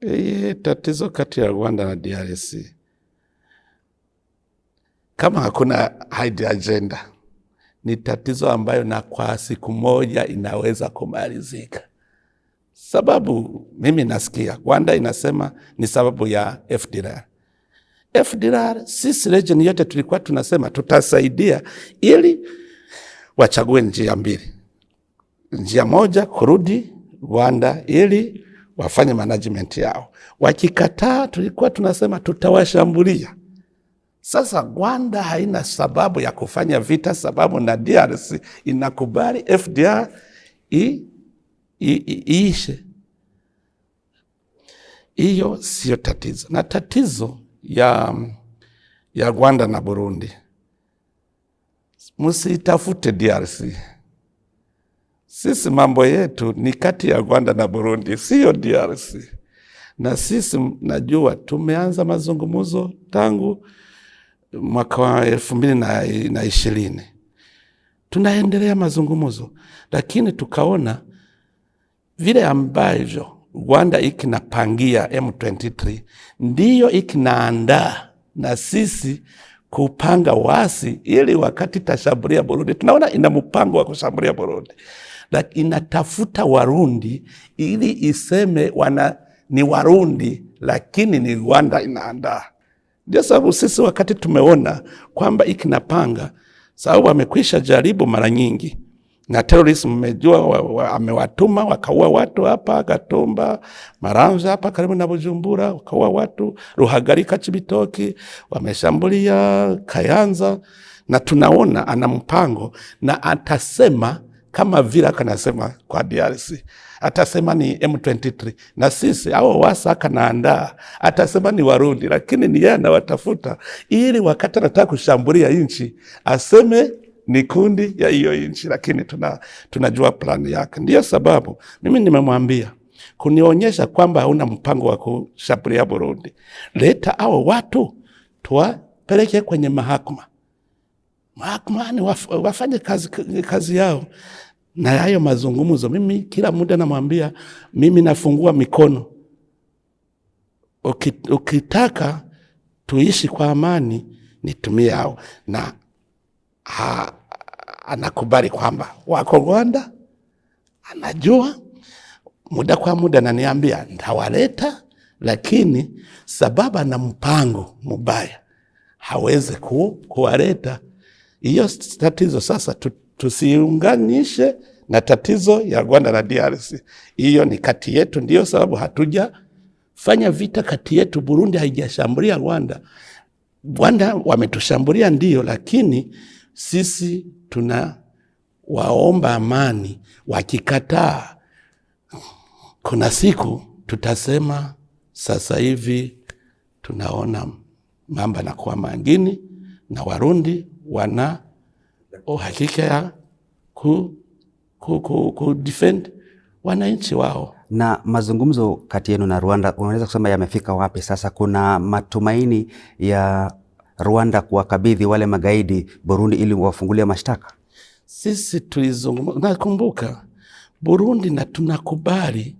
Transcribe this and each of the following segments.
Hii tatizo kati ya Rwanda na DRC, kama hakuna hid agenda, ni tatizo ambayo na kwa siku moja inaweza kumalizika, sababu mimi nasikia Rwanda inasema ni sababu ya FDLR. FDLR sisi region yote tulikuwa tunasema tutasaidia ili wachague njia mbili, njia moja kurudi Rwanda ili wafanye management yao. Wakikataa, tulikuwa tunasema tutawashambulia. Sasa gwanda haina sababu ya kufanya vita, sababu na DRC inakubali FDR iishe. Hiyo siyo tatizo, na tatizo ya, ya Gwanda na Burundi, msitafute DRC. Sisi mambo yetu ni kati ya Rwanda na Burundi, siyo DRC. Na sisi najua tumeanza mazungumzo tangu mwaka wa elfu mbili na ishirini tunaendelea mazungumzo, lakini tukaona vile ambavyo Rwanda ikinapangia M23 ndiyo ikinaandaa na sisi kupanga wasi, ili wakati tashambulia Burundi, tunaona ina mpango wa kushambulia Burundi inatafuta Warundi ili iseme wana ni Warundi, lakini ni Rwanda inaandaa. Ndio sababu sisi wakati tumeona kwamba ikinapanga sababu wamekwisha jaribu mara nyingi na terrorism mmejua, amewatuma wa, wa, wakaua watu hapa Gatumba, Maranza hapa karibu na Bujumbura, wakaua watu Ruhagarika, Chibitoki, wameshambulia Kayanza, na tunaona ana mpango na atasema kama vile kanasema kwa DRC atasema ni M23 na sisi au wasa kanaandaa, atasema ni Warundi, lakini ni yeye anawatafuta ili wakati anataka kushambulia nchi aseme ni kundi ya hiyo nchi, lakini tuna, tunajua plani yake. Ndiyo sababu mimi nimemwambia kunionyesha kwamba hauna mpango wa kushambulia Burundi, leta hao watu tuwapeleke kwenye mahakama mahakamani wafanye kazi, kazi yao na hayo mazungumzo. Mimi kila muda namwambia, mimi nafungua mikono, ukitaka tuishi kwa amani nitumie hao, na ha, anakubali kwamba wako Rwanda, anajua muda kwa muda naniambia ntawaleta, lakini sababu ana mpango mubaya hawezi ku, kuwaleta. Hiyo tatizo sasa tusiunganishe na tatizo ya Rwanda na DRC. Hiyo ni kati yetu, ndiyo sababu hatuja fanya vita kati yetu. Burundi haijashambulia Rwanda. Rwanda wametushambulia ndiyo, lakini sisi tuna waomba amani. Wakikataa, kuna siku tutasema sasa hivi tunaona mambo anakuwa mangini na Warundi wana uhakika ya ku, ku, ku, ku defend wananchi wao. Na mazungumzo kati yenu na Rwanda, unaweza kusema yamefika wapi sasa? Kuna matumaini ya Rwanda kuwakabidhi wale magaidi Burundi ili wafungulie mashtaka? Sisi tulizungumza, nakumbuka Burundi, na tunakubali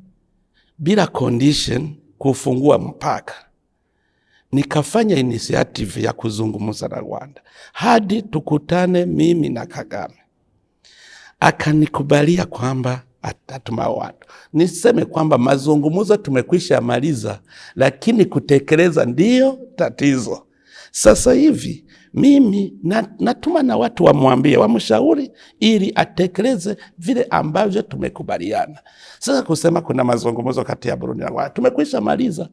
bila condition kufungua mpaka nikafanya inisiative ya kuzungumza na Rwanda hadi tukutane mimi na Kagame, akanikubalia kwamba atatuma watu. Niseme kwamba mazungumzo tumekwisha maliza, lakini kutekeleza ndiyo tatizo. Sasa hivi mimi natuma na watu wamwambie, wamshauri ili atekeleze vile ambavyo tumekubaliana. Sasa kusema kuna mazungumzo kati ya Burundi na Rwanda tumekwisha maliza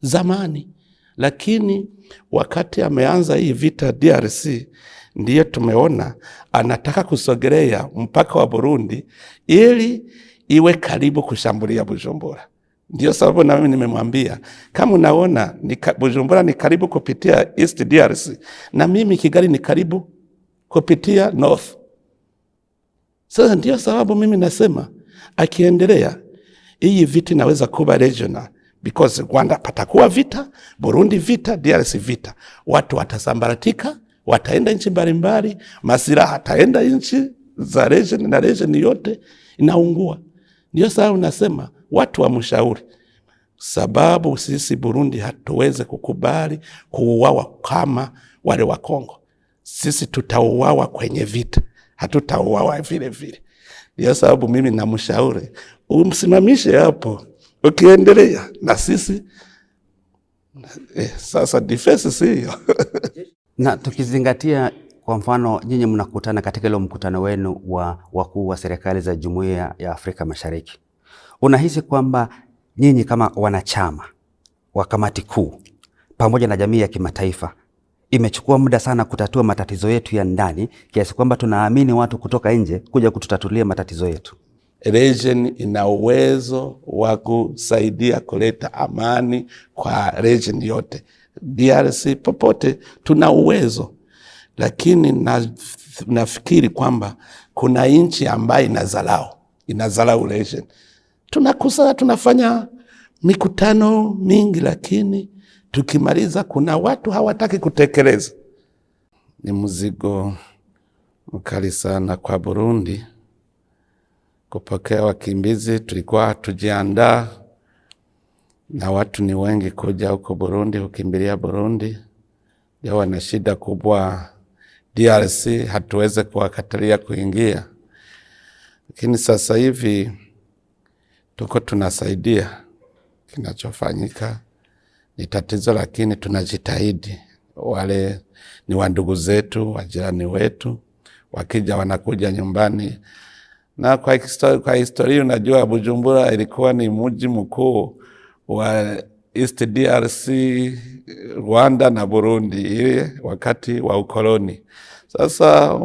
zamani. Lakini wakati ameanza hii vita DRC, ndiyo tumeona anataka kusogelea mpaka wa Burundi ili iwe karibu kushambulia Bujumbura. Ndio sababu na mimi nimemwambia kama unaona Bujumbura ni karibu kupitia East DRC, na mimi Kigali ni karibu kupitia North. Sasa ndio sababu mimi nasema akiendelea hii vita inaweza kuwa regional because Rwanda patakuwa vita, Burundi vita, DRC vita. Watu watasambaratika, wataenda nchi mbalimbali, masiraha ataenda nchi za region na region yote inaungua. Ndio sababu nasema watu wamshauri, sababu sisi Burundi hatuweze kukubali kuuawa kama wale wa Kongo. Sisi tutauawa kwenye vita, hatutauawa vile vile. Ndio sababu mimi namshauri umsimamishe hapo ukiendelea na sisi eh, sasa defense si hiyo na tukizingatia kwa mfano nyinyi mnakutana katika ile mkutano wenu wa wakuu wa serikali za Jumuiya ya Afrika Mashariki, unahisi kwamba nyinyi kama wanachama wa kamati kuu pamoja na jamii ya kimataifa imechukua muda sana kutatua matatizo yetu ya ndani kiasi kwamba tunaamini watu kutoka nje kuja kututatulia matatizo yetu? region ina uwezo wa kusaidia kuleta amani kwa region yote. DRC popote tuna uwezo, lakini na, nafikiri kwamba kuna nchi ambayo inazarau inazarau region. Tunakusa, tunafanya mikutano mingi, lakini tukimaliza kuna watu hawataki kutekeleza. Ni mzigo mkali sana kwa Burundi kupokea wakimbizi. Tulikuwa hatujiandaa na watu ni wengi kuja huko Burundi, hukimbilia Burundi. ndio wana shida kubwa DRC, hatuweze kuwakatalia kuingia, lakini sasa hivi tuko tunasaidia. Kinachofanyika ni tatizo, lakini tunajitahidi. Wale ni wandugu zetu, wajirani wetu, wakija wanakuja nyumbani na kwa historia, kwa historia unajua Bujumbura ilikuwa ni mji mkuu wa East DRC, Rwanda na Burundi wakati wa ukoloni. Sasa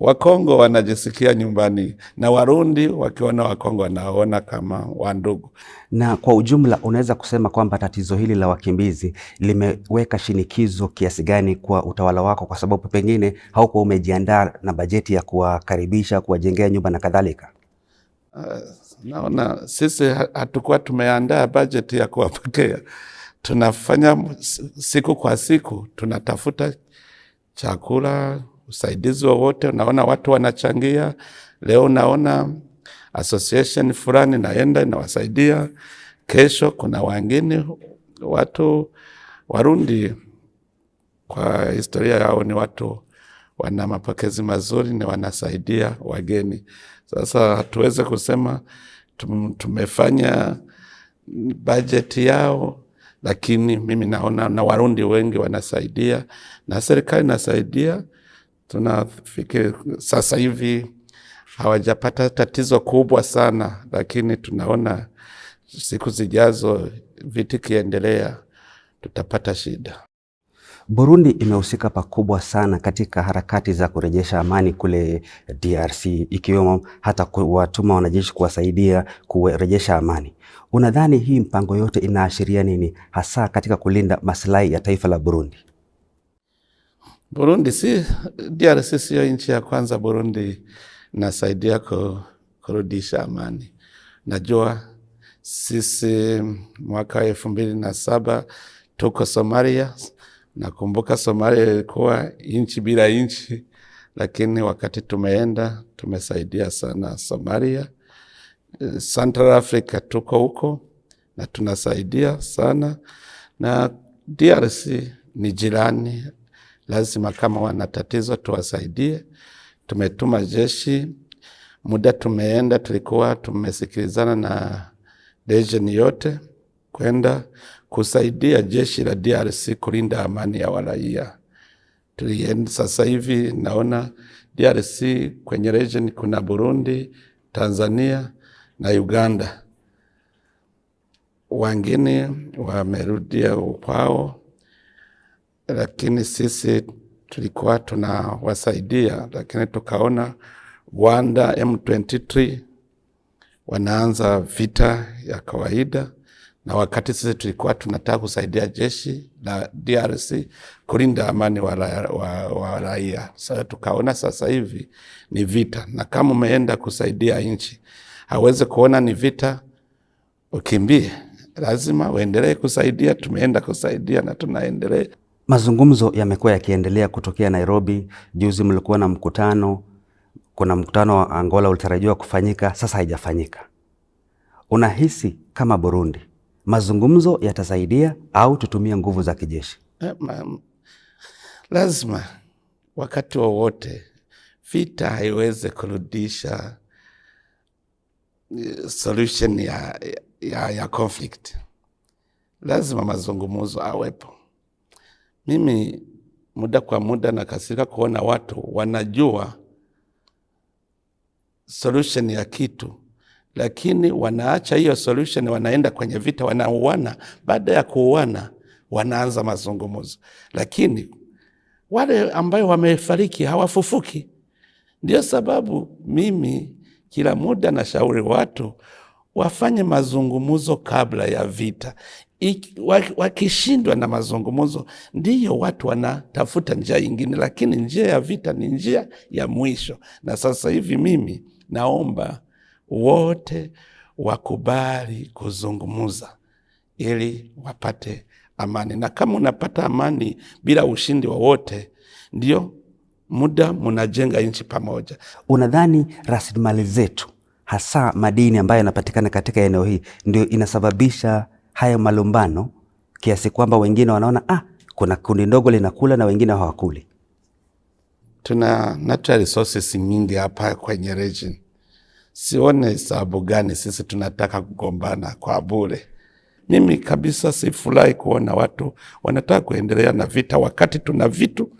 Wakongo wanajisikia nyumbani na Warundi wakiona Wakongo wanaona kama wandugu. Na kwa ujumla, unaweza kusema kwamba tatizo hili la wakimbizi limeweka shinikizo kiasi gani kwa utawala wako, kwa sababu pengine haukuwa umejiandaa na bajeti ya kuwakaribisha, kuwajengea nyumba na kadhalika? Uh, naona sisi hatukuwa tumeandaa bajeti ya kuwapokea. Tunafanya siku kwa siku, tunatafuta chakula usaidizi wowote. Unaona watu wanachangia leo, naona association fulani naenda inawasaidia, kesho kuna wengine watu Warundi kwa historia yao ni watu wana mapokezi mazuri, ni wanasaidia wageni. Sasa hatuweze kusema tumefanya bajeti yao, lakini mimi naona na Warundi wengi wanasaidia na serikali inasaidia tunafiki sasa hivi hawajapata tatizo kubwa sana, lakini tunaona siku zijazo viti kiendelea tutapata shida. Burundi imehusika pakubwa sana katika harakati za kurejesha amani kule DRC, ikiwemo hata kuwatuma wanajeshi kuwasaidia kurejesha amani. Unadhani hii mpango yote inaashiria nini hasa katika kulinda maslahi ya taifa la Burundi? Burundi si DRC siyo nchi ya kwanza Burundi nasaidia kurudisha amani. Najua sisi mwaka wa elfu mbili na saba tuko Somalia. Nakumbuka Somalia ilikuwa nchi bila nchi, lakini wakati tumeenda tumesaidia sana Somalia. Central Africa tuko huko na tunasaidia sana, na DRC ni jirani lazima kama wana tatizo tuwasaidie. Tumetuma jeshi, muda tumeenda, tulikuwa tumesikilizana na dejeni yote kwenda kusaidia jeshi la DRC kulinda amani ya waraia. Tulienda sasa hivi naona DRC kwenye region kuna Burundi, Tanzania na Uganda. wangine wamerudia kwao lakini sisi tulikuwa tunawasaidia, lakini tukaona Rwanda M23 wanaanza vita ya kawaida, na wakati sisi tulikuwa tunataka kusaidia jeshi la DRC kulinda amani wa, wa, wa raia. Sasa tukaona sasa hivi ni vita, na kama umeenda kusaidia nchi hawezi kuona ni vita ukimbie, lazima uendelee kusaidia. Tumeenda kusaidia na tunaendelea Mazungumzo yamekuwa yakiendelea kutokea Nairobi. Juzi mlikuwa na mkutano, kuna mkutano wa Angola ulitarajiwa kufanyika, sasa haijafanyika. Unahisi kama Burundi mazungumzo yatasaidia au tutumie nguvu za kijeshi? Eh, lazima wakati wowote vita haiweze kurudisha eh, solution ya, ya, ya conflict. Lazima mazungumzo awepo. Mimi muda kwa muda nakasirika kuona watu wanajua solution ya kitu, lakini wanaacha hiyo solution, wanaenda kwenye vita, wanauana. Baada ya kuuana, wanaanza mazungumzo, lakini wale ambayo wamefariki hawafufuki. Ndio sababu mimi kila muda nashauri watu wafanye mazungumzo kabla ya vita. Wakishindwa na mazungumzo, ndiyo watu wanatafuta njia yingine, lakini njia ya vita ni njia ya mwisho. Na sasa hivi mimi naomba wote wakubali kuzungumza ili wapate amani, na kama unapata amani bila ushindi wowote, ndio muda munajenga nchi pamoja. Unadhani rasilimali zetu hasa madini ambayo yanapatikana katika eneo hii ndio inasababisha hayo malumbano, kiasi kwamba wengine wanaona ah, kuna kundi ndogo linakula na wengine hawakuli. Tuna natural resources nyingi hapa kwenye region. Sione sababu gani sisi tunataka kugombana kwa bure. Mimi kabisa sifurahi kuona watu wanataka kuendelea na vita, wakati tuna vitu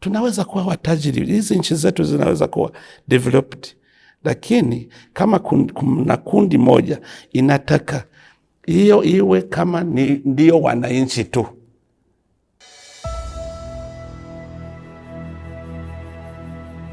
tunaweza kuwa watajiri. Hizi nchi zetu zinaweza kuwa developed lakini kama kuna kundi moja inataka hiyo iwe kama ni ndio wananchi tu